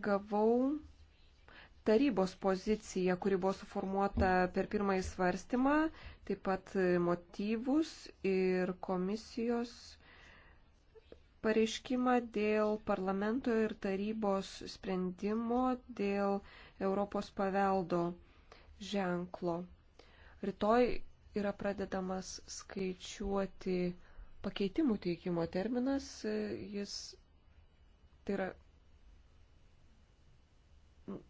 gavau tarybos poziciją, kuri buvo suformuota per pirmąjį svarstymą, taip pat motyvus ir komisijos pareiškimą dėl parlamento ir tarybos sprendimo dėl Europos paveldo ženklo. Rytoj yra pradedamas skaičiuoti pakeitimų teikimo terminas, jis tai yra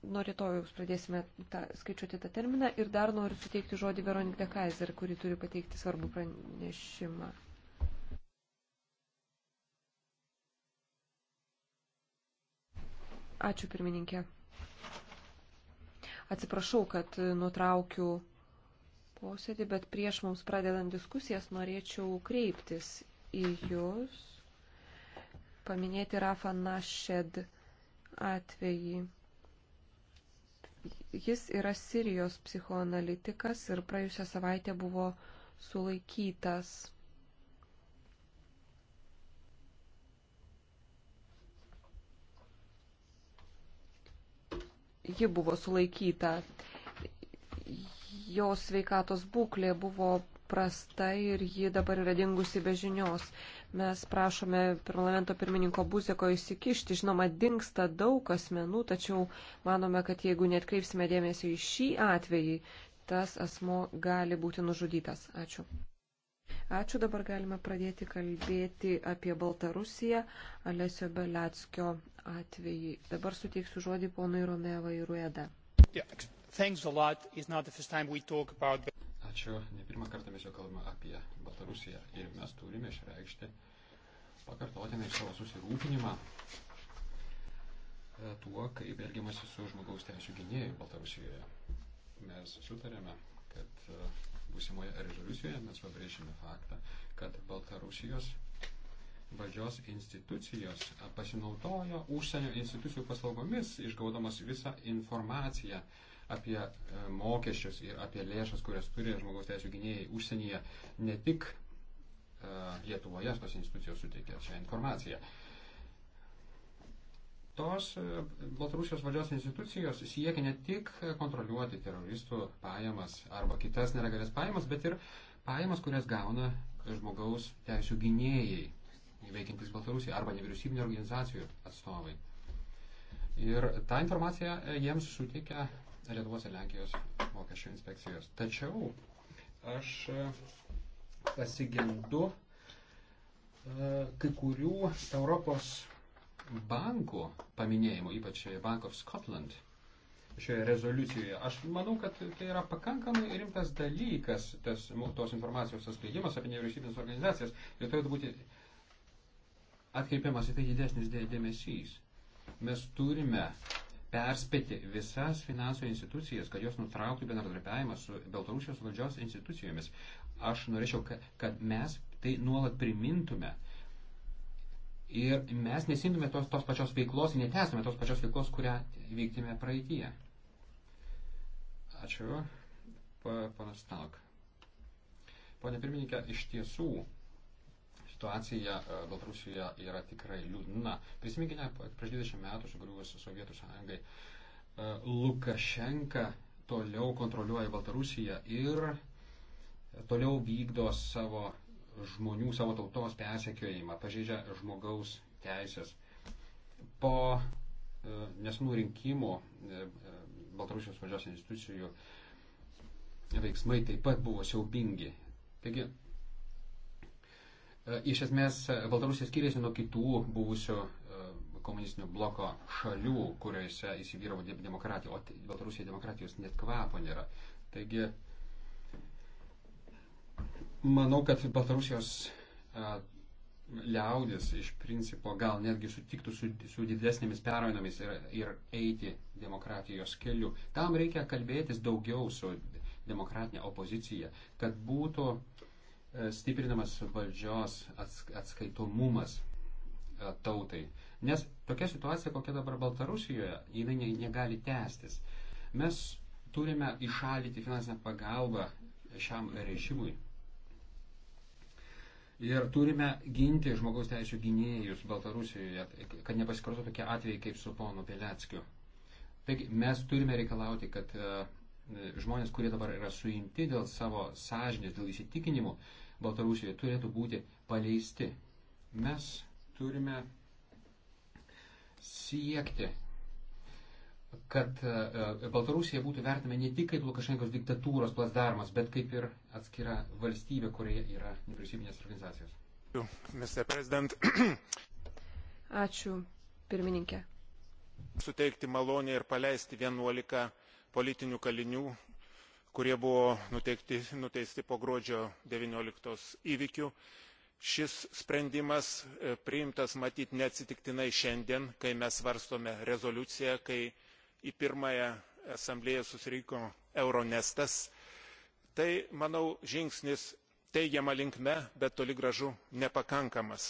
nuo rytojaus pradėsime tą, skaičiuoti tą terminą ir dar noriu suteikti žodį Veronik de Kaiser, kuri turi pateikti svarbų pranešimą. Ačiū pirmininkė. Atsiprašau, kad nutraukiu posėdį, bet prieš mums pradedant diskusijas norėčiau kreiptis į Jūs, paminėti Rafa Našed atvejį. Jis yra Sirijos psichoanalitikas ir praėjusią savaitę buvo sulaikytas. Ji buvo sulaikyta. Jos sveikatos būklė buvo prasta ir ji dabar yra dingusi be žinios. Mes prašome parlamento pirmininko Buzeko įsikišti. Žinoma, dinksta daug asmenų, tačiau manome, kad jeigu netkreipsime dėmesio į šį atvejį, tas asmo gali būti nužudytas. Ačiū. Ačiū, dabar galime pradėti kalbėti apie Baltarusiją, Alesio Beliackio atvejį. Dabar suteiksiu žodį ponui Romevai Rueda. Yeah, about... Ačiū. Ne pirmą kartą mes jau kalbame apie Baltarusiją ir mes turime išreikšti pakartotinai savo susirūpinimą e, tuo, kaip elgiamasi su žmogaus teisų gynėjai Baltarusijoje. Mes sutarėme, kad e, būsimoje rezoliucijoje mes pabrėžime faktą, kad Baltarusijos valdžios institucijos e, pasinaudojo užsienio institucijų paslaugomis, išgaudamas visą informaciją, uh, apie e, mokesčius ir apie lėšas, kurias turi žmogaus teisų gynėjai užsienyje, ne tik e, Lietuvoje tos institucijos suteikė šią informaciją. Tos e, Baltarusijos valdžios institucijos siekia ne tik kontroliuoti teroristų pajamas arba kitas nelegalės pajamas, bet ir pajamas, kurias gauna žmogaus teisų gynėjai, veikiantis Baltarusijoje arba nevyriausybinio organizacijų atstovai. Ir tą informaciją jiems suteikia Lietuvos ir Lenkijos mokesčių inspekcijos. Tačiau aš e, pasigendu e, kai kurių Europos bankų paminėjimų, ypač Bank of Scotland šioje rezoliucijoje. Aš manau, kad tai yra pakankamai rimtas dalykas, tas, tos informacijos atskleidimas apie nevyriausybinės organizacijas ir turėtų būti atkreipiamas į tai didesnis dėmesys. Mes turime perspėti visas finansų institucijas, kad jos nutrauktų bendradarbiavimą su Baltarusijos valdžios institucijomis. Aš norėčiau, kad mes tai nuolat primintume. Ir mes nesimtume tos, tos pačios veiklos, netestume tos pačios veiklos, kurią vykdėme praeitie. Ačiū, ponas Stalk. Pone pirmininkė, iš tiesų situacija e, Baltarusijoje yra tikrai liūdna. Prisiminkime, prieš 20 metų sugriuvus Sovietų sąjungai e, Lukašenka toliau kontroliuoja Baltarusiją ir e, toliau vykdo savo žmonių, savo tautos persekiojimą, pažeidžia žmogaus teisės. Po nesinų rinkimų Baltarusijos valdžios institucijų veiksmai taip pat buvo siaubingi. Taigi E, iš esmės, e, Baltarusija skiriasi nuo kitų buvusių e, komunistinio bloko šalių, kuriuose įsivyravo demokratija, o Baltarusija demokratijos net kvapo nėra. Taigi, manau, kad Baltarusijos liaudis iš principo gal netgi sutiktų su, su didesnėmis permainomis ir, ir eiti demokratijos keliu. Tam reikia kalbėtis daugiau su demokratinė opozicija, kad būtų stiprinamas valdžios atskaitomumas e, tautai. Nes tokia situacija, kokia dabar Baltarusijoje, jinai negali tęstis. Mes turime išalyti finansinę pagalbą šiam režimui. Ir turime ginti žmogaus teisų gynėjus Baltarusijoje, kad nepasikartotų tokie atvejai kaip su ponu Pileckiu. Taigi mes turime reikalauti, kad e, žmonės, kurie dabar yra suimti dėl savo sąžinės, dėl įsitikinimų, uh, Baltarusijoje turėtų būti paleisti. Mes turime siekti, kad e, Baltarusija būtų vertinama ne tik kaip Lukašenkos diktatūros plasdarmas, bet kaip ir atskira valstybė, kurioje yra neprisiminės organizacijos. Mr. President. Ačiū, pirmininkė. Suteikti malonę ir paleisti 11 politinių kalinių kurie buvo nuteikti, nuteisti po gruodžio 19 įvykių. Šis sprendimas e, priimtas matyti neatsitiktinai šiandien, kai mes varstome rezoliuciją, kai į pirmąją asamblėją susirinko Euronestas. Tai, manau, žingsnis teigiama linkme, bet toli gražu nepakankamas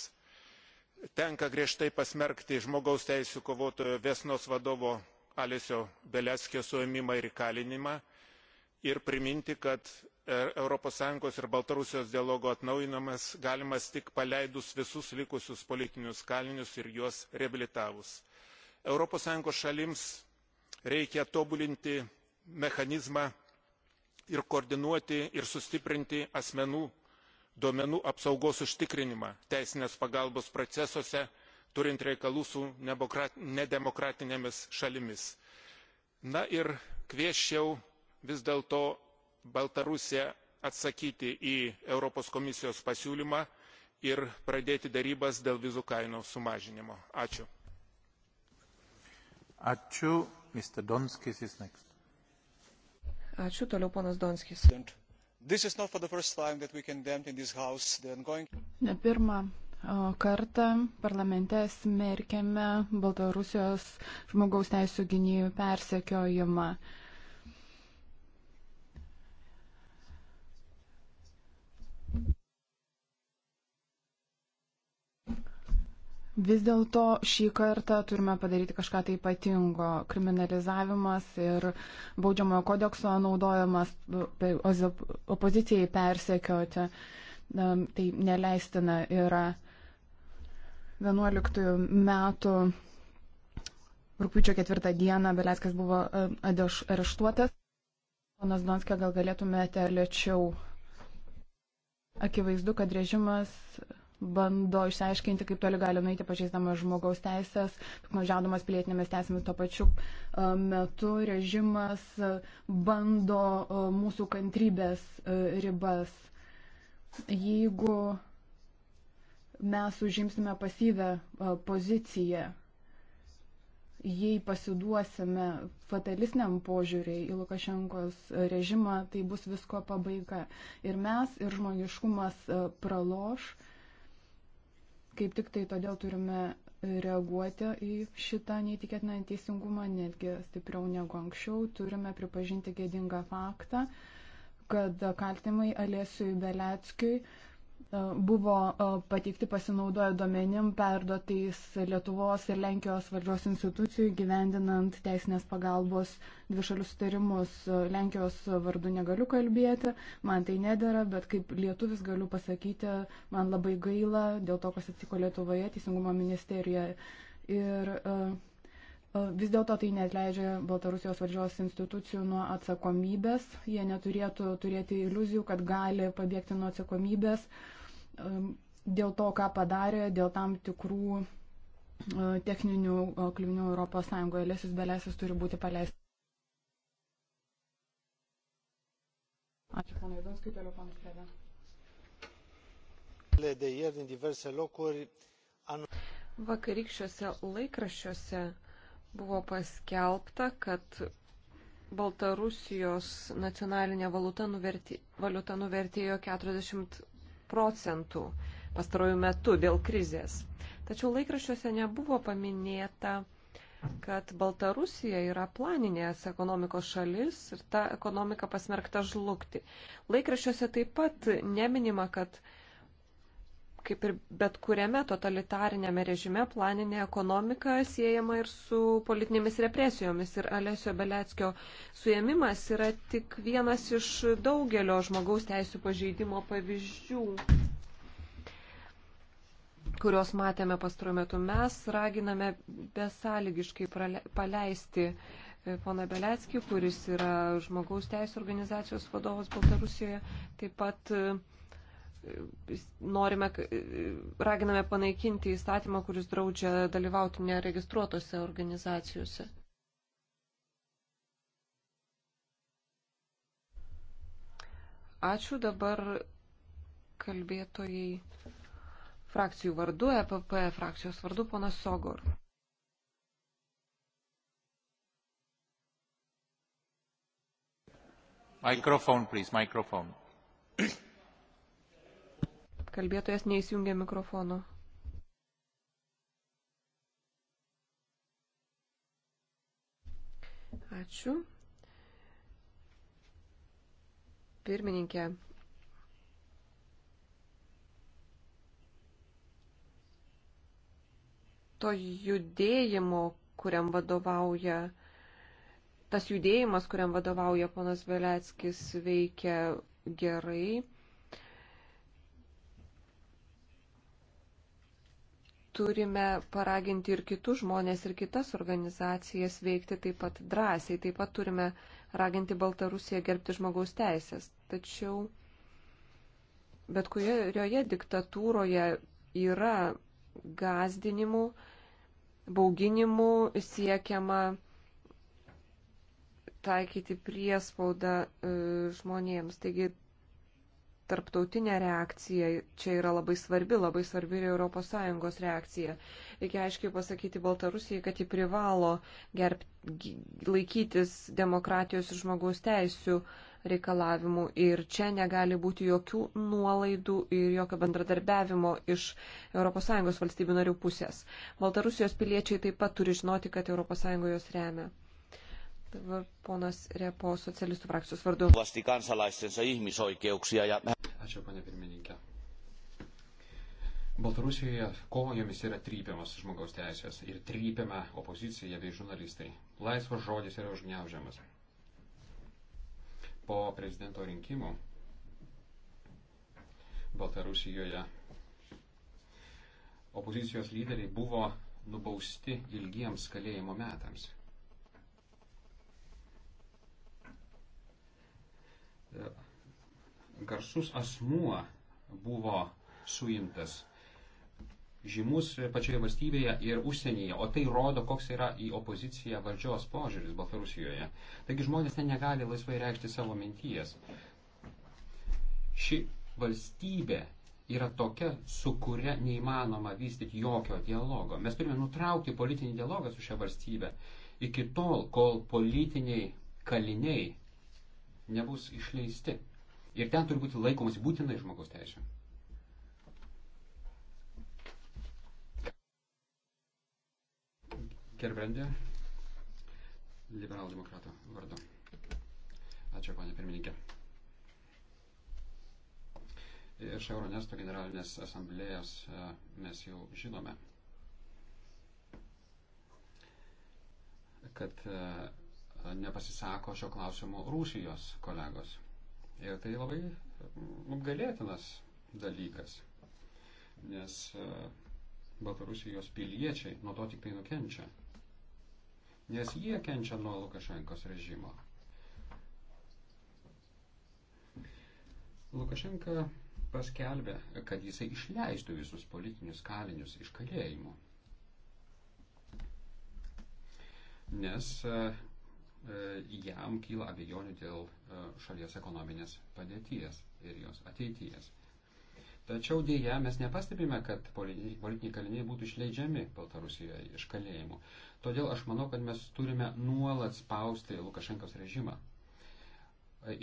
tenka griežtai pasmerkti žmogaus teisių kovotojo vesnos vadovo alesio beliackio suėmimą ir įkalinimą ir priminti kad e, europos sąjungos ir baltarusijos dialogo atnaujinimas galimas tik paleidus visus likusius politinius kalinius ir juos reabilitavus. europos sąjungos šalims reikia tobulinti mechanizmą ir koordinuoti ir sustiprinti asmenų duomenų apsaugos užtikrinimą teisinės pagalbos procesuose turint reikalų su nedemokratinėmis šalimis. na ir kviesčiau vis dėlto baltarusija atsakyti į europos komisijos pasiūlymą ir pradėti darybas dėl vizų kainų sumažinimo. Ačiū. Ačiū. Mr. Donskis is next. Ačiū. Toliau ponas Donskis. Ongoing... Ne pirmą kartą parlamente smerkėme Baltarusijos žmogaus teisų gynėjų persekiojimą. Uh, Vis dėlto šį kartą turime padaryti kažką tai ypatingo. Kriminalizavimas ir baudžiamojo kodekso naudojimas e, opozicijai persekioti, tai neleistina yra 11 metų rūpiučio 4 dieną Beleskas buvo e, areštuotas. Ponas Donskė, gal galėtumėte lėčiau? Akivaizdu, kad režimas bando išsiaiškinti, kaip toli gali nueiti pažeidamas žmogaus teisės, mažiaudamas pilietinėmis teisėmis tuo pačiu e, metu režimas e, bando e, mūsų kantrybės ribas. Jeigu mes užimsime pasyvę poziciją, jei pasiduosime fatalistiniam požiūriai į Lukašenkos režimą, tai bus visko pabaiga. Ir mes, ir žmogiškumas praloš, Kaip tik tai todėl turime reaguoti į šitą neįtikėtiną teisingumą, netgi stipriau negu anksčiau. Turime pripažinti gėdingą faktą, kad kaltimai Alėsiui Beleckiui E, buvo e, pateikti pasinaudoję duomenim perduotais Lietuvos ir Lenkijos valdžios institucijų gyvendinant teisinės pagalbos dvišalius sutarimus. E, Lenkijos vardu negaliu kalbėti, man tai nedėra, bet kaip lietuvis galiu pasakyti, man labai gaila dėl to, kas atsiko Lietuvoje, Teisingumo ministerijoje. Ir uh, Vis dėlto tai netleidžia Baltarusijos valdžios institucijų nuo atsakomybės. Jie neturėtų turėti iliuzijų, kad gali pabėgti nuo atsakomybės dėl to, ką padarė, dėl tam tikrų techninių kliūnių Europos Sąjungoje. Lesis Belesis turi būti paleistas. Ačiū, pana Ivanskai, toliau panas Lėda. Lėda, jie din diverse locuri. Vakarykščiuose laikraščiuose buvo paskelbta, kad Baltarusijos nacionalinė valiuta, nuverti, valiuta nuvertėjo 40 procentų pastarojų metų dėl krizės. Tačiau laikraščiuose nebuvo paminėta, kad Baltarusija yra planinės ekonomikos šalis ir ta ekonomika pasmerkta žlugti. Laikraščiuose taip pat neminima, kad kaip ir bet kuriame totalitarinėme režime, planinė ekonomika siejama ir su politinėmis represijomis. Ir Alesio Beleckio suėmimas yra tik vienas iš daugelio žmogaus teisų pažeidimo pavyzdžių kuriuos matėme pastaruoju metu. Mes raginame besąlygiškai paleisti e, poną Beleckį, kuris yra žmogaus teisų organizacijos vadovas Baltarusijoje. Taip pat uh, norime, raginame panaikinti įstatymą, kuris draudžia dalyvauti neregistruotose organizacijose. Ačiū dabar kalbėtojai frakcijų vardu, EPP frakcijos vardu, ponas Sogor. Microphone, please, microphone. Kalbėtojas neįsijungia mikrofono. Ačiū. Pirmininkė. To judėjimo, kuriam vadovauja tas judėjimas, kuriam vadovauja ponas Veleckis, veikia gerai. turime paraginti ir kitus žmonės, ir kitas organizacijas veikti taip pat drąsiai. Taip pat turime raginti Baltarusiją gerbti žmogaus teisės. Tačiau bet kurioje diktatūroje yra gazdinimų, bauginimų siekiama taikyti priespaudą e, žmonėms. Taigi tarptautinė reakcija čia yra labai svarbi, labai svarbi ir ES reakcija. Reikia aiškiai pasakyti Baltarusijai, kad ji privalo gerb, laikytis demokratijos ir žmogaus teisų reikalavimų ir čia negali būti jokių nuolaidų ir jokio bendradarbiavimo iš ES valstybių narių pusės. Baltarusijos piliečiai taip pat turi žinoti, kad ES juos remia. Dabar ponas Repo socialistų frakcijos vardu. Vasti kansalaistensa ihmisoikeuksia ja... Ačiū, panė pirmininkė. Baltarusijoje kojomis yra trypiamas žmogaus teisės ir trypiama opozicija bei žurnalistai. Laisvas žodis yra užgneužiamas. Po prezidento rinkimų Baltarusijoje opozicijos lyderiai buvo nubausti ilgiems kalėjimo metams. garsus asmuo buvo suimtas žymus pačioje valstybėje ir užsienyje, o tai rodo, koks yra į opoziciją valdžios požiūris Baltarusijoje. Taigi žmonės ten negali laisvai reikšti savo minties. Ši valstybė yra tokia, su kuria neįmanoma vystyti jokio dialogo. Mes turime nutraukti politinį dialogą su šia valstybė iki tol, kol politiniai kaliniai nebus išleisti. Ir ten turi būti laikomas būtinai žmogaus teisė. Gerbrandė, liberaldemokratų vardu. Ačiū, ponė pirmininkė. Iš Euronesto generalinės asamblėjos e, mes jau žinome, kad e, nepasisako šio klausimu Rusijos kolegos. Ir e, tai labai mm, apgalėtinas dalykas, nes e, Baltarusijos piliečiai nuo to tik tai nukenčia. Nes jie kenčia nuo Lukašenkos režimo. Lukašenka paskelbė, kad jisai išleistų visus politinius kalinius iš kalėjimų. Nes e, E, jam kyla abejonių dėl e, šalies ekonominės padėties ir jos ateities. Tačiau dėja mes nepastebime, kad politiniai kaliniai būtų išleidžiami Baltarusijoje iš kalėjimų. Todėl aš manau, kad mes turime nuolat spausti Lukašenkos režimą.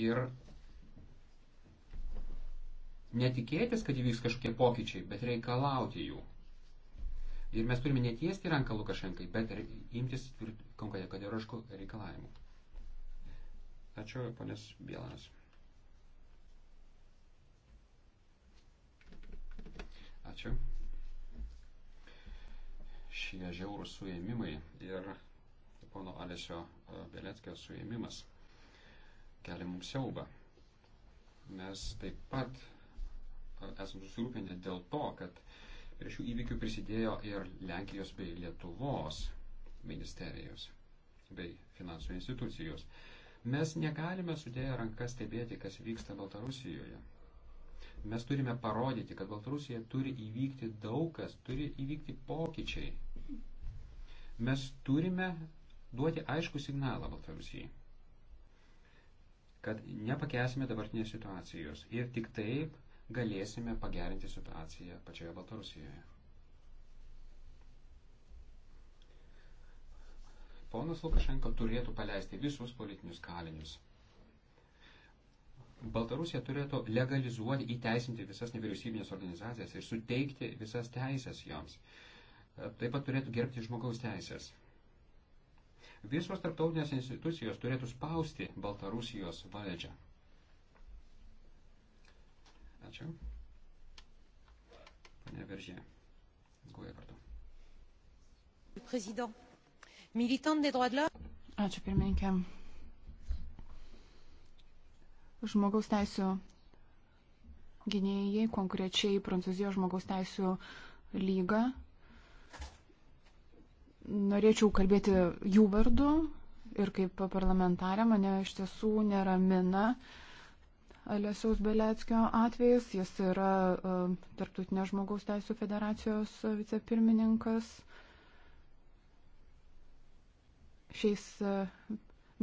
Ir netikėtis, kad įvyks kažkokie pokyčiai, bet reikalauti jų. Ir mes turime netiesti ranką Lukašenkai, bet imtis kategoriškų reikalavimų. Ačiū, ponės Bielanas. Ačiū. Šie žiaurūs suėmimai ir pono Alesio e, Beleckio suėmimas kelia mums siaubą. Mes taip pat e, esame susirūpinę dėl to, kad uh, prie šių įvykių prisidėjo ir Lenkijos bei Lietuvos ministerijos bei finansų institucijos. Mes negalime sudėję rankas stebėti, kas vyksta Baltarusijoje. Mes turime parodyti, kad Baltarusija turi įvykti daug kas, turi įvykti pokyčiai. Mes turime duoti aišku signalą Baltarusijai, kad nepakesime dabartinės situacijos ir tik taip galėsime pagerinti situaciją pačioje Baltarusijoje. Ponas Lukašenko turėtų paleisti visus politinius kalinius. Baltarusija turėtų legalizuoti, įteisinti visas nevyriausybinės organizacijas ir suteikti visas teisės joms. Taip pat turėtų gerbti žmogaus teisės. Visos tarptautinės institucijos turėtų spausti Baltarusijos valdžią. Ačiū. Pane Veržė, guoja kartu. Ačiū pirmininkė. Žmogaus teisų gynėjai, konkrečiai Prancūzijos žmogaus teisų lyga. Norėčiau kalbėti jų vardu ir kaip parlamentarė mane iš tiesų neramina uh, Alesiaus Beleckio atvejis. Jis yra e, Tarptautinės žmogaus teisų federacijos vicepirmininkas. Šiais e,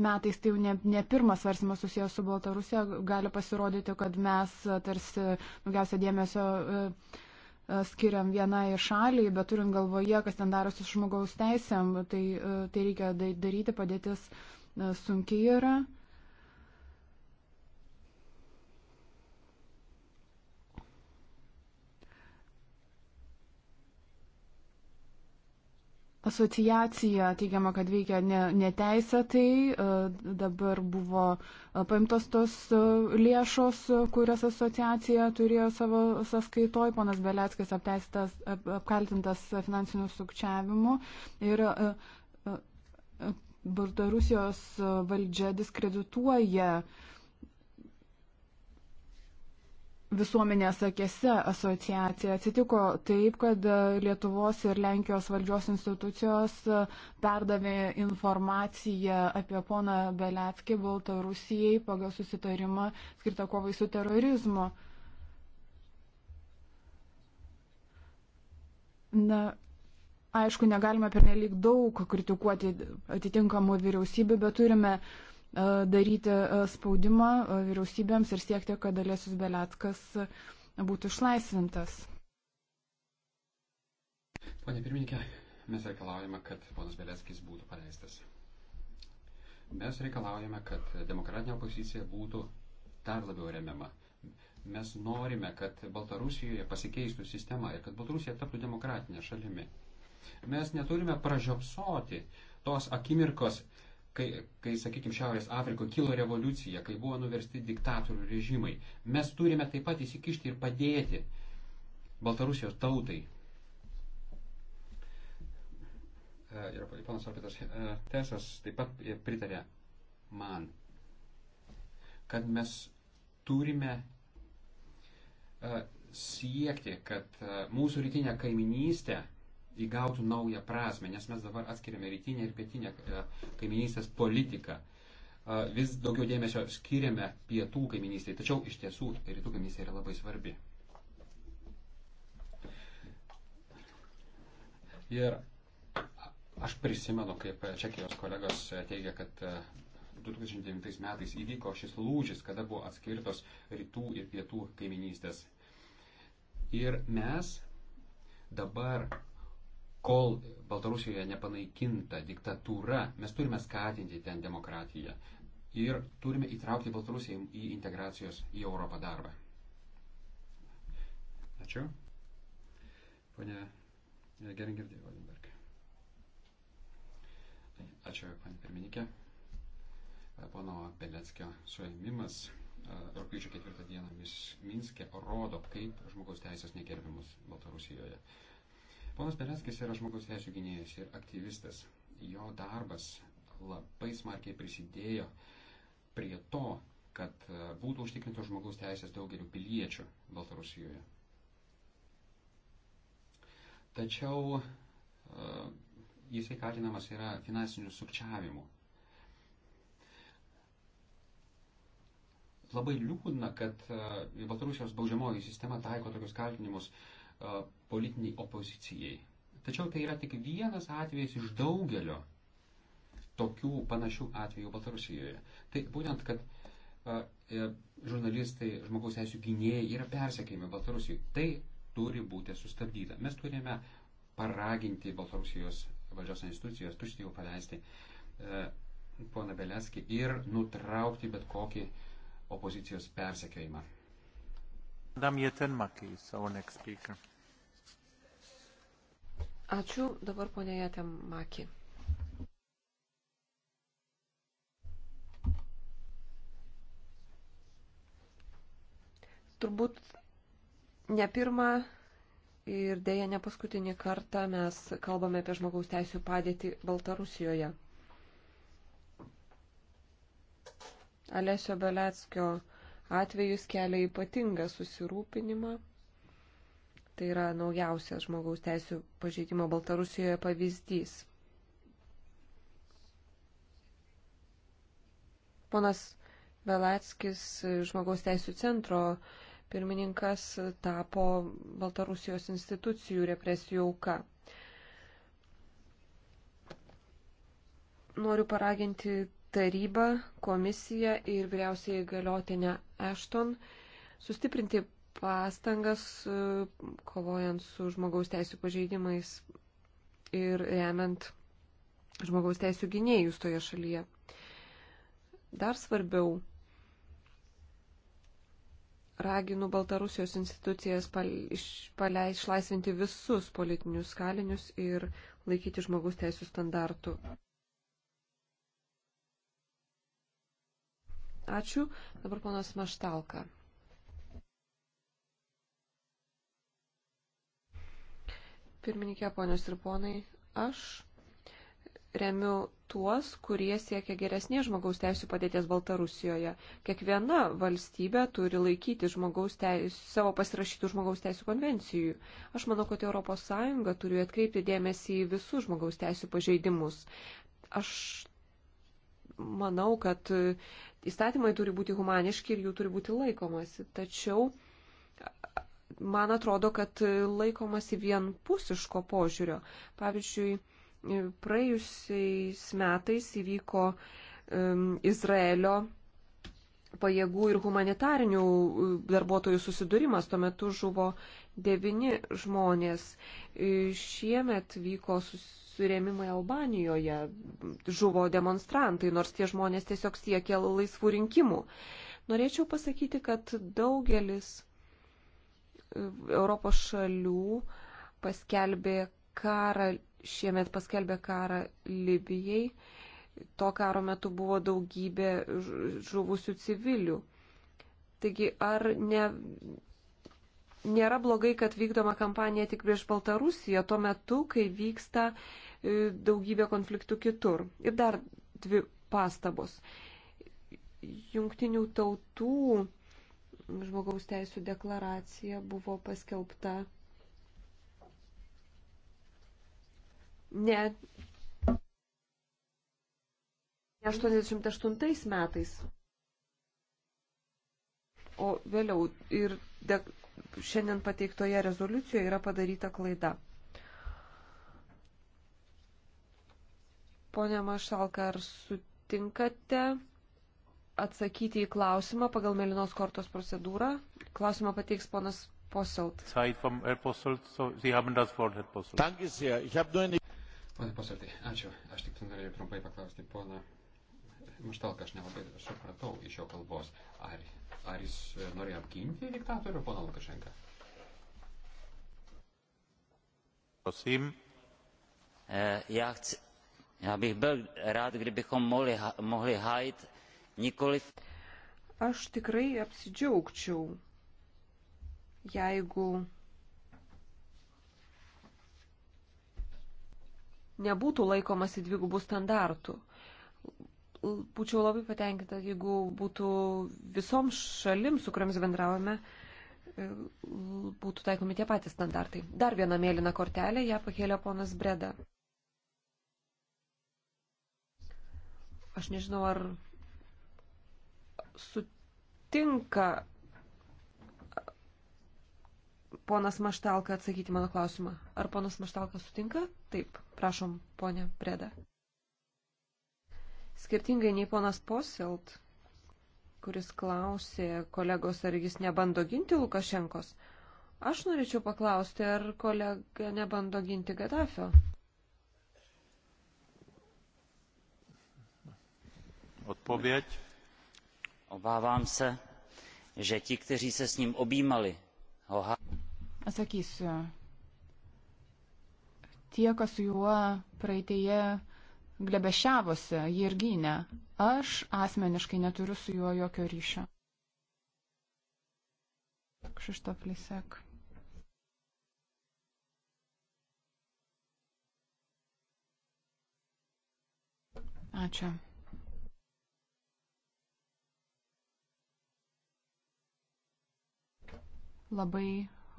metais tai jau ne, ne pirmas svarstymas susijęs su Baltarusija. Gali pasirodyti, kad mes e, tarsi daugiausia dėmesio skiriam vienai šaliai, bet turint galvoje, kas ten darosi su žmogaus teisėm, tai, tai reikia daryti, padėtis sunkiai yra. asociacija teigiama, kad veikia neteisėtai, e, dabar buvo e, paimtos tos e, lėšos, kurias asociacija turėjo savo sąskaitoj, ponas Beleckis apteistas, apkaltintas finansiniu sukčiavimu ir Baltarusijos valdžia diskredituoja uh, visuomenės akėse asociacija. Atsitiko taip, kad Lietuvos ir Lenkijos valdžios institucijos perdavė informaciją apie poną Beleckį Baltarusijai pagal susitarimą skirtą kovai su terorizmu. Na, aišku, negalime pernelyg daug kritikuoti atitinkamų vyriausybių, bet turime uh, E, daryti e, spaudimą e, vyriausybėms ir siekti, kad Alėsius Beleckas būtų išlaisvintas. Pane pirmininkė, mes reikalaujame, kad ponas Beleckis būtų paleistas. Mes reikalaujame, kad demokratinė opozicija būtų dar labiau remiama. Mes norime, kad Baltarusijoje pasikeistų sistema ir kad Baltarusija taptų demokratinė šalimi. Mes neturime pražiopsoti tos akimirkos, kai, kai sakykime, Šiaurės Afrikoje kilo revoliucija, kai buvo nuversti diktatorių režimai. Mes turime taip pat įsikišti ir padėti Baltarusijos tautai. Ir e, panas Arpitas e, Tesas taip pat e, pritarė man, kad mes turime siekti, kad mūsų rytinė kaiminystė įgautų naują prasme, nes mes dabar atskiriame rytinę ir pietinę e, kaiminystės politiką. E, vis daugiau dėmesio skiriame pietų kaiminystiai, tačiau iš tiesų rytų kaiminystė yra labai svarbi. Ir aš prisimenu, kaip čekijos kolegos teigia, kad 2009 e, metais įvyko šis lūžis, kada buvo atskirtos rytų ir pietų kaiminystės. Ir mes dabar kol Baltarusijoje nepanaikinta diktatūra, mes turime skatinti ten demokratiją ir turime įtraukti Baltarusiją į integracijos į Europą darbą. Ačiū. Pone Geringirdė Valinberg. Ačiū, pane pirmininkė. Pono Beleckio suėmimas rūpyčio ketvirtą dieną Minske rodo, kaip žmogaus teisės negerbimus Baltarusijoje. Ponas Belenskis yra žmogaus teisų gynėjas ir aktyvistas. Jo darbas labai smarkiai prisidėjo prie to, kad e, būtų užtikrintos žmogaus teisės daugeliu piliečių Baltarusijoje. Tačiau e, jisai kaltinamas yra finansiniu sukčiavimu. Labai liūdna, kad e, Baltarusijos baudžiamoji sistema taiko tokius kaltinimus uh, politiniai opozicijai. Tačiau tai yra tik vienas atvejis iš daugelio tokių panašių atvejų Baltarusijoje. Tai būtent, kad e, žurnalistai, žmogaus teisų gynėjai yra persekėjami Baltarusijoje. Tai turi būti sustabdyta. Mes turime paraginti Baltarusijos valdžios institucijos tuštijų paleisti e, poną Beleskį ir nutraukti bet kokį opozicijos persekiojimą. Ačiū. Dabar ponė Jatemaki. Turbūt ne pirmą ir dėja ne paskutinį kartą mes kalbame apie žmogaus teisų padėtį Baltarusijoje. Alesio Beleckio atvejus kelia ypatingą susirūpinimą. Tai yra naujausias žmogaus teisų pažeidimo Baltarusijoje pavyzdys. Ponas Velatskis, žmogaus teisų centro pirmininkas, tapo Baltarusijos institucijų represijų auka. Noriu paraginti tarybą, komisiją ir vyriausiai galiotinę Ashton sustiprinti pastangas e, kovojant su žmogaus teisų pažeidimais ir remiant žmogaus teisų gynėjus toje šalyje. Dar svarbiau, raginu Baltarusijos institucijas palei, išlaisvinti visus politinius kalinius ir laikyti žmogaus teisų standartų. Ačiū. Dabar ponas Maštalka. Pirmininkė, ponios ir ponai, aš remiu tuos, kurie siekia geresnės žmogaus teisų padėties Baltarusijoje. Kiekviena valstybė turi laikyti teisų, savo pasirašytų žmogaus teisų konvencijų. Aš manau, kad ES turi atkreipti dėmesį į visus žmogaus teisų pažeidimus. Aš manau, kad Įstatymai turi būti humaniški ir jų turi būti laikomasi. Tačiau man atrodo, kad laikomasi vienpusiško požiūrio. Pavyzdžiui, praėjusiais metais įvyko um, Izraelio pajėgų ir humanitarinių e, darbuotojų susidūrimas. Tuo metu žuvo devyni žmonės. E, šiemet vyko susirėmimai Albanijoje, žuvo demonstrantai, nors tie žmonės tiesiog siekė laisvų rinkimų. Norėčiau pasakyti, kad daugelis e, Europos šalių paskelbė karą, šiemet paskelbė karą Libijai. To karo metu buvo daugybė žuvusių civilių. Taigi, ar ne nėra blogai, kad vykdoma kampanija tik prieš Baltarusiją tuo metu, kai vyksta e, daugybė konfliktų kitur. Ir dar dvi pastabos. Jungtinių tautų žmogaus teisų deklaracija buvo paskelbta ne 88 metais, o vėliau ir dek šiandien pateiktoje rezoliucijoje yra padaryta klaida. Pone Mašalka, ar sutinkate atsakyti į klausimą pagal Melinos kortos procedūrą? Klausimą pateiks ponas Poselt. Pane Poseltai, ačiū. Aš tik norėjau trumpai paklausti pono Maštalka, aš nelabai supratau iš jo kalbos. Ar, ar jis norėjo apginti diktatorių, pana Lukašenka? Prosím. E, já, chci, já bych byl rád, kdybychom mohli, mohli hájit nikoli. Aš tikrai apsidžiaugčiau, jeigu nebūtų laikomasi dvigubų standartų būčiau labai patenkinta, jeigu būtų visoms šalims, su kuriamis bendravome, e, būtų taikomi tie patys standartai. Dar viena mėlyna kortelė, ją pakėlė ponas Breda. Aš nežinau, ar sutinka ponas Maštalka atsakyti mano klausimą. Ar ponas Maštalka sutinka? Taip, prašom, ponė Breda. Skirtingai nei ponas Poselt, kuris klausė kolegos, ar jis nebando ginti Lukašenkos, aš norėčiau paklausti, ar kolega nebando ginti Gaddafio. Odpověď. Obávám se, že ti, kteří se s ním objímali, ho ha... Atsakysiu. E, tie, kas su juo praeitėje glebešiavosi, jį ir gynė. Aš asmeniškai neturiu su juo jokio ryšio. Kšištof Lisek. Ačiū. Labai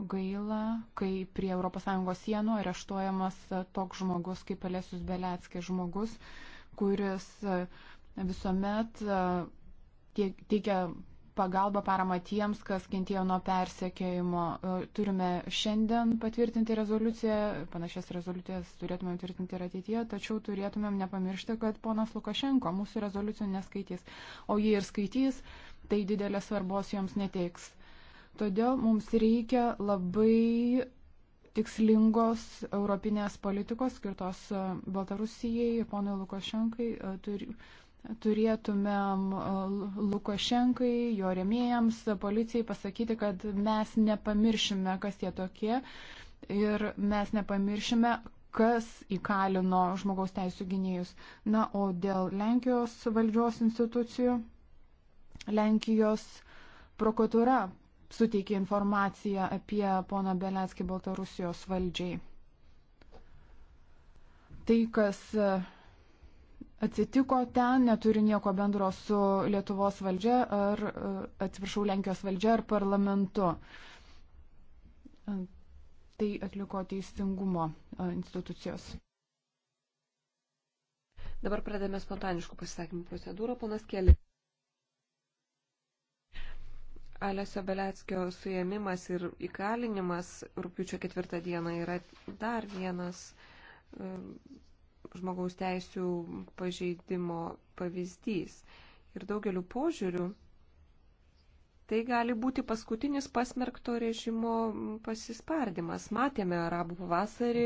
gaila, kai prie ES sienų areštuojamas toks žmogus kaip Alesius Beleckis žmogus, kuris e, visuomet e, teikia pagalbą paramą tiems, kas kentėjo nuo persekėjimo. E, turime šiandien patvirtinti rezoliuciją, panašias rezoliucijas turėtumėm tvirtinti ir ateityje, tačiau turėtumėm nepamiršti, kad ponas Lukašenko mūsų rezoliucijų neskaitys, o jei ir skaitys, tai didelės svarbos joms neteiks. Todėl mums reikia labai tikslingos europinės politikos skirtos e, Baltarusijai, ponui Lukašenkai. E, turi, turėtumėm e, Lukašenkai, jo remėjams, policijai pasakyti, kad mes nepamiršime, kas jie tokie ir mes nepamiršime, kas įkalino žmogaus teisų gynėjus. Na, o dėl Lenkijos valdžios institucijų, Lenkijos prokuratura suteikė informaciją apie poną Beletskį Baltarusijos valdžiai. Tai, kas atsitiko ten, neturi nieko bendro su Lietuvos valdžia ar, atsiprašau, Lenkijos valdžia ar parlamentu. Tai atliko teisingumo institucijos. Dabar pradėme spontaniškų pasisakymų procedūrą, ponas Keli. Alesio Beleckio suėmimas ir įkalinimas rūpiučio ketvirtą dieną yra dar vienas e, žmogaus teisų pažeidimo pavyzdys. Ir daugeliu požiūrių tai gali būti paskutinis pasmerkto režimo pasispardimas. Matėme arabų pavasarį,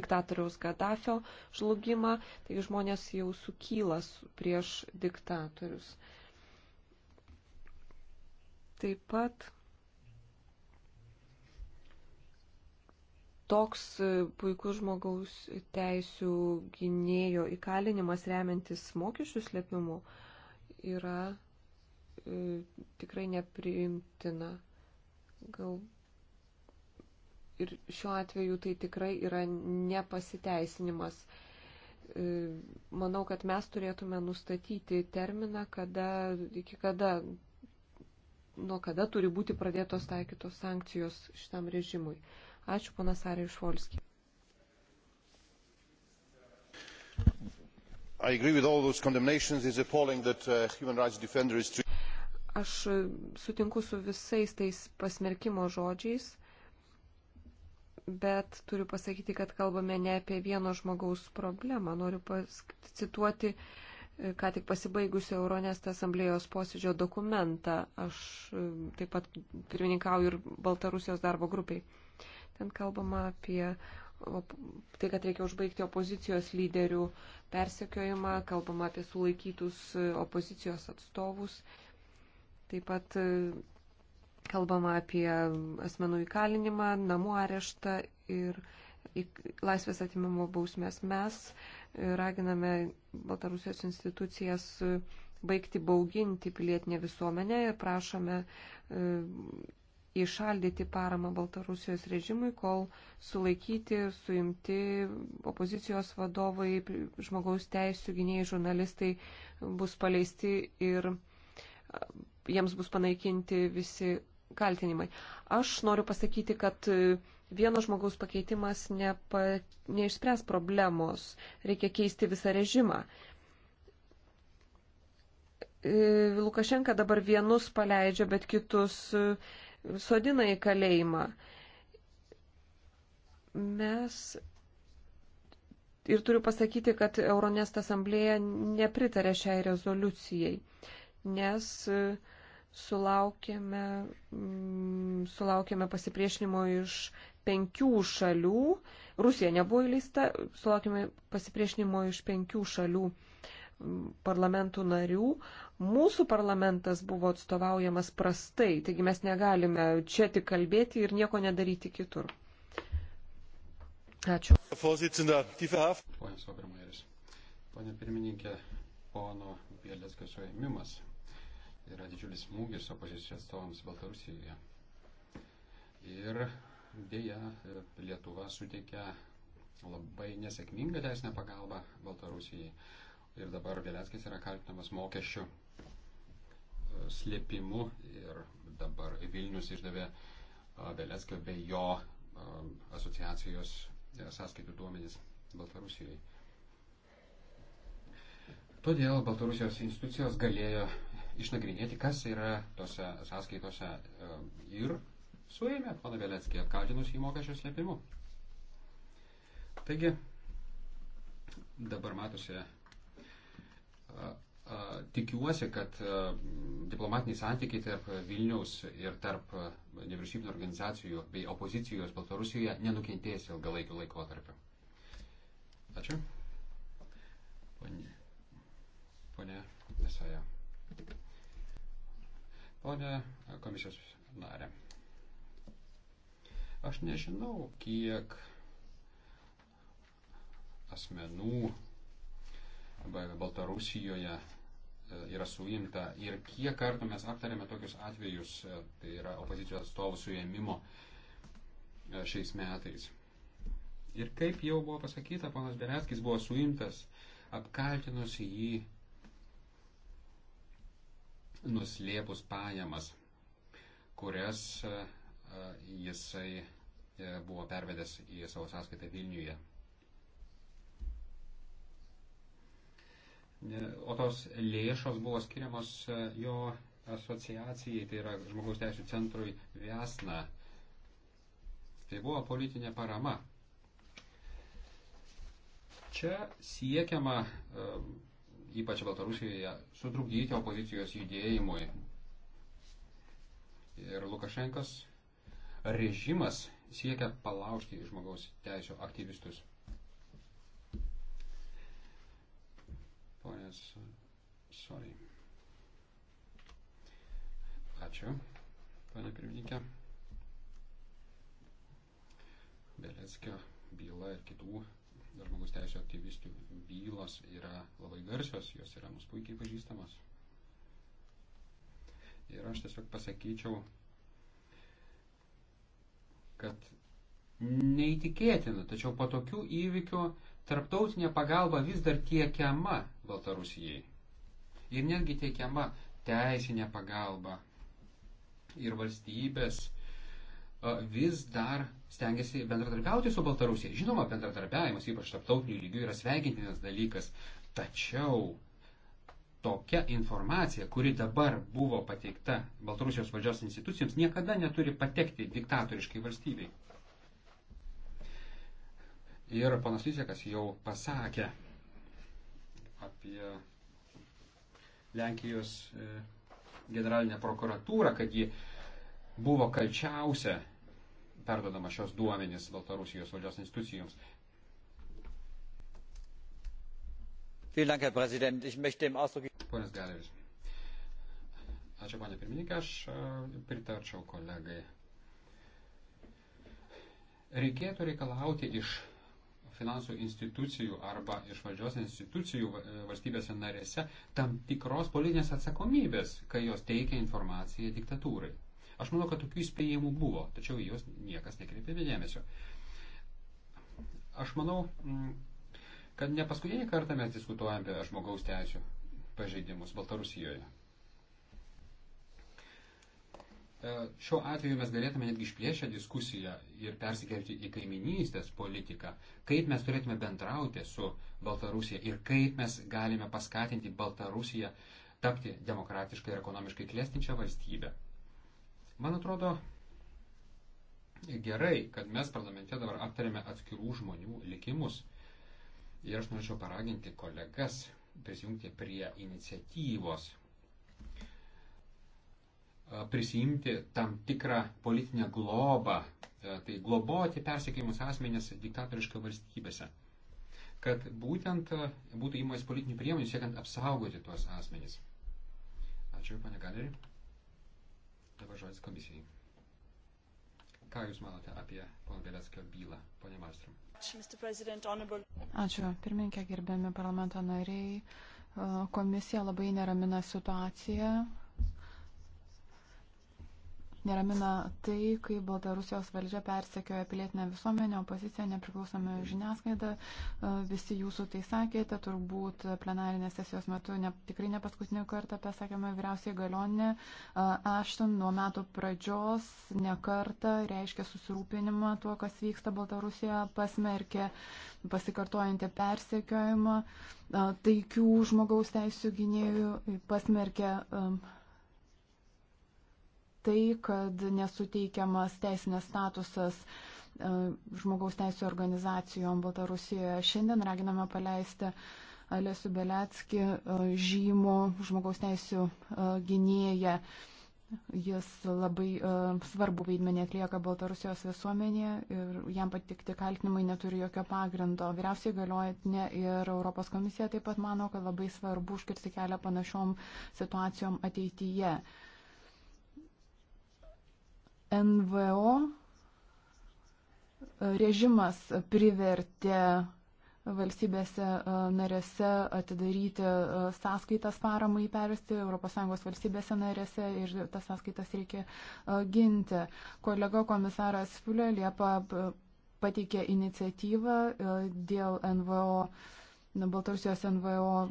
diktatoriaus Gaddafio žlugimą, taigi žmonės jau sukylas prieš diktatorius. Taip pat toks puikus žmogaus teisų gynėjo įkalinimas remiantis mokesčių slėpimu yra e, tikrai nepriimtina. Gal ir šiuo atveju tai tikrai yra nepasiteisinimas. E, manau, kad mes turėtume nustatyti terminą, kada, iki kada nuo kada turi būti pradėtos taikytos sankcijos šitam režimui. Ačiū, ponas Arijus Volski. I agree with all those condemnations. It's appalling that uh, human rights defender is treated aš sutinku su visais tais pasmerkimo žodžiais, bet turiu pasakyti, kad kalbame ne apie vieno žmogaus problemą. Noriu cituoti ką tik pasibaigusio Euronest asamblėjos posėdžio dokumentą. Aš e, taip pat pirmininkauju ir Baltarusijos darbo grupiai. Ten kalbama apie tai, kad reikia užbaigti opozicijos lyderių persekiojimą, kalbama apie sulaikytus e, opozicijos atstovus. Taip pat e, kalbama apie asmenų įkalinimą, namų areštą ir laisvės atimimo bausmės. Mes raginame Baltarusijos institucijas e, baigti bauginti pilietinę visuomenę ir prašome e, įšaldyti paramą Baltarusijos režimui, kol sulaikyti, suimti opozicijos vadovai, žmogaus teisų gynėjai, žurnalistai bus paleisti ir e, jiems bus panaikinti visi kaltinimai. Aš noriu pasakyti, kad e, vieno žmogaus pakeitimas nepa, neišspręs problemos, reikia keisti visą režimą. E, Lukašenka dabar vienus paleidžia, bet kitus e, sodina į kalėjimą. Mes ir turiu pasakyti, kad Euronest asamblėje nepritarė šiai rezoliucijai, nes uh, sulaukėme, mm, sulaukėme pasipriešinimo iš penkių šalių. Rusija nebuvo įleista, sulaukėme pasipriešinimo iš penkių šalių mm, parlamentų narių. Mūsų parlamentas buvo atstovaujamas prastai, taigi mes negalime čia tik kalbėti ir nieko nedaryti kitur. Ačiū. Pone Sobrimajeris, pone pirmininkė, pono Vėlės suėmimas yra didžiulis smūgis opozicijos atstovams Baltarusijoje. Ir dėja, Lietuva suteikia labai nesėkmingą teisinę pagalbą Baltarusijai. Ir dabar Vėlenskis yra kaltinamas mokesčių e, slėpimu. Ir dabar Vilnius išdavė Vėlenskio e, bei jo e, asociacijos sąskaitų duomenys Baltarusijai. Todėl Baltarusijos institucijos galėjo išnagrinėti, kas yra tose sąskaitose e, ir suėmė pana Vėleckį, apkaltinus į mokesčio slėpimu. Taigi, dabar matosi, e, e, tikiuosi, kad diplomatiniai santykiai tarp Vilniaus ir tarp nevyriausybinio organizacijų bei opozicijos Baltarusijoje nenukentės ilgalaikiu laikotarpiu. Ačiū. Pone, pone Esaja. Pone komisijos narė, aš nežinau, kiek asmenų Baltarusijoje e, yra suimta ir kiek kartų mes aptarėme tokius atvejus, e, tai yra opozicijos atstovų suėmimo e, šiais metais. Ir kaip jau buvo pasakyta, ponas Bereckis buvo suimtas apkaltinus jį nuslėpus pajamas, kurias e, jisai e, buvo pervedęs į savo sąskaitą Vilniuje. O tos lėšos buvo skiriamos e, jo asociacijai, tai yra žmogaus teisų centrui Vesna. Tai buvo politinė parama. Čia siekiama ypač Baltarusijoje, sutrukdyti opozicijos judėjimui. Ir Lukašenkas režimas siekia palaužti žmogaus teisų aktyvistus. Ponės, sorry. Ačiū, pane pirmininkė. Beleckio byla ir kitų žmogus teisų aktyvistų bylos yra labai garsios, jos yra mums puikiai pažįstamos. Ir aš tiesiog pasakyčiau, kad neįtikėtina, tačiau po tokių įvykių tarptautinė pagalba vis dar tiekiama Baltarusijai. Ir netgi teikiama teisinė pagalba. Ir valstybės vis dar stengiasi bendradarbiauti su Baltarusija. Žinoma, bendradarbiavimas, ypač tarptautinių lygių, yra sveikintinas dalykas, tačiau tokia informacija, kuri dabar buvo pateikta Baltarusijos valdžios institucijoms, niekada neturi patekti diktatoriškai valstybei. Ir panas Lysekas jau pasakė apie Lenkijos e, generalinę prokuratūrą, kad ji uh, buvo kalčiausia perdodama šios duomenys Baltarusijos valdžios institucijoms. Ponas Galeris. Ačiū, panė pirmininkė, aš e, pritarčiau kolegai. Reikėtų reikalauti iš finansų institucijų arba iš valdžios institucijų e, valstybėse narėse tam tikros politinės atsakomybės, kai jos teikia informaciją diktatūrai. Aš manau, kad tokių įspėjimų buvo, tačiau juos niekas nekreipė dėmesio. Aš manau, mm, kad ne paskutinį kartą mes diskutuojame apie žmogaus teisų pažeidimus Baltarusijoje. E, šiuo atveju mes galėtume netgi išplėšę diskusiją ir persikelti į kaiminystės politiką, kaip mes turėtume bendrauti su Baltarusija ir kaip mes galime paskatinti Baltarusiją tapti demokratiškai ir ekonomiškai klestinčią valstybę. Man atrodo gerai, kad mes parlamente dabar aptarėme atskirų žmonių likimus. Ir aš norėčiau paraginti kolegas prisijungti prie iniciatyvos, prisijimti tam tikrą politinę globą, tai globoti persekėjimus asmenės diktatoriškai valstybėse kad būtent būtų įmonės politinių priemonių siekiant apsaugoti tuos asmenys. Ačiū, pane Galerį. Dabar žodis komisijai. Ką Jūs manote apie pono Bėleskio bylą, ponė Malstrom? Ačiū, pirmininkė, gerbiami parlamento nariai. Komisija labai neramina situaciją Neramina tai, kai Baltarusijos valdžia persekioja pilietinę visuomenę, opoziciją, nepriklausomą žiniasklaidą. E, visi jūsų tai sakėte, turbūt plenarinės sesijos metu ne, tikrai ne paskutinį kartą pasakėme vyriausiai galionė. E, Ašton nuo metų pradžios nekarta reiškia susirūpinimą tuo, kas vyksta Baltarusijoje, pasmerkė pasikartojantį persekiojimą, e, taikių žmogaus teisų gynėjų pasmerkė. Um, tai, kad nesuteikiamas teisinės statusas e, žmogaus teisų organizacijom Baltarusijoje. Šiandien raginame paleisti Alesiu Belecki, e, žymų žmogaus teisų e, gynėją. Jis labai svarbu vaidmenį atlieka Baltarusijos visuomenėje ir jam patikti kaltinimai neturi jokio pagrindo. Vyriausiai galiojatinė ir Europos komisija taip pat mano, kad labai svarbu užkirsti kelią panašiom situacijom ateityje. Uh, NVO režimas privertė valstybėse e, narėse atidaryti e, sąskaitas paramai pervesti ES valstybėse narėse ir tas sąskaitas reikia e, ginti. Kolega komisaras Fulė Liepa pateikė iniciatyvą dėl NVO, Baltarusijos NVO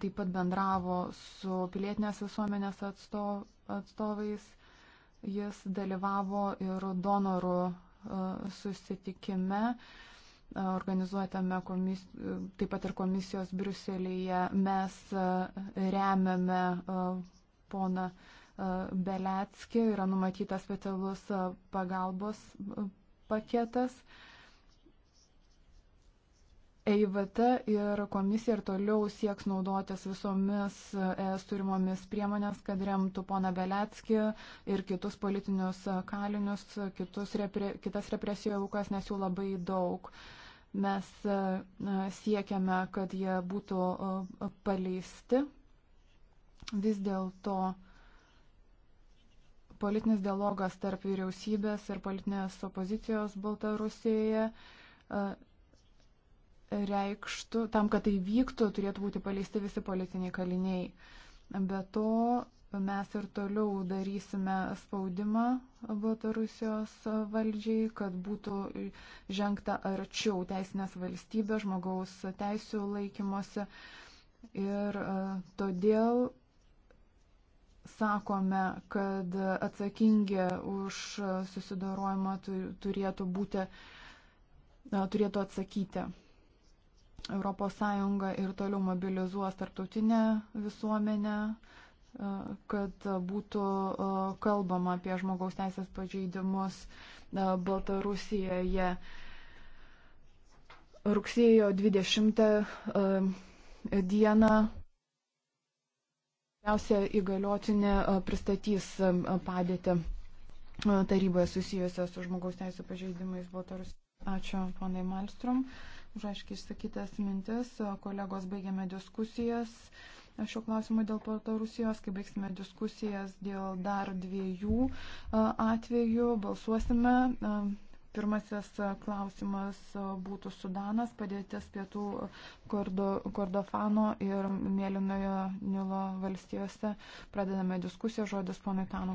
taip pat bendravo su pilietinės visuomenės atsto, atstovais Jis dalyvavo ir donorų e, susitikime e, organizuotame komis, taip pat ir komisijos Briuselėje. Mes e, remiame poną Beletskį, yra numatytas specialus pagalbos paketas. EIVT ir komisija ir toliau sieks naudotis visomis ES turimomis priemonės, kad remtų pona Beletski ir kitus politinius e, kalinius, kitus repre, kitas represijų aukas, nes jų labai daug. Mes e, siekiame, kad jie būtų e, paleisti. Vis dėlto politinis dialogas tarp vyriausybės ir politinės opozicijos Baltarusijoje reikštų, tam, kad tai vyktų, turėtų būti paleisti visi politiniai kaliniai. Be to, mes ir toliau darysime spaudimą Baltarusijos valdžiai, kad būtų žengta arčiau teisinės valstybės, žmogaus teisų laikymosi. Ir e, todėl sakome, kad atsakingi už susidarojimą turėtų būti, e, turėtų atsakyti. ES ir toliau mobilizuos tarptautinę visuomenę, e, kad būtų e, kalbama apie žmogaus teisės pažeidimus e, Baltarusijoje. Rugsėjo 20 dieną Vyriausia įgaliotinė pristatys padėtį taryboje susijusią su žmogaus teisų pažeidimais Baltarusijoje. Ačiū, ponai Malstrom už aiškiai išsakytas mintis. Kolegos baigėme diskusijas šio klausimu dėl Baltarusijos. Kai baigsime diskusijas dėl dar dviejų atvejų, balsuosime. Pirmasis klausimas būtų Sudanas, padėtis pietų Kordo, Kordofano ir Mėlynojo Nilo valstijose. Pradedame diskusiją, žodis ponui Tanu.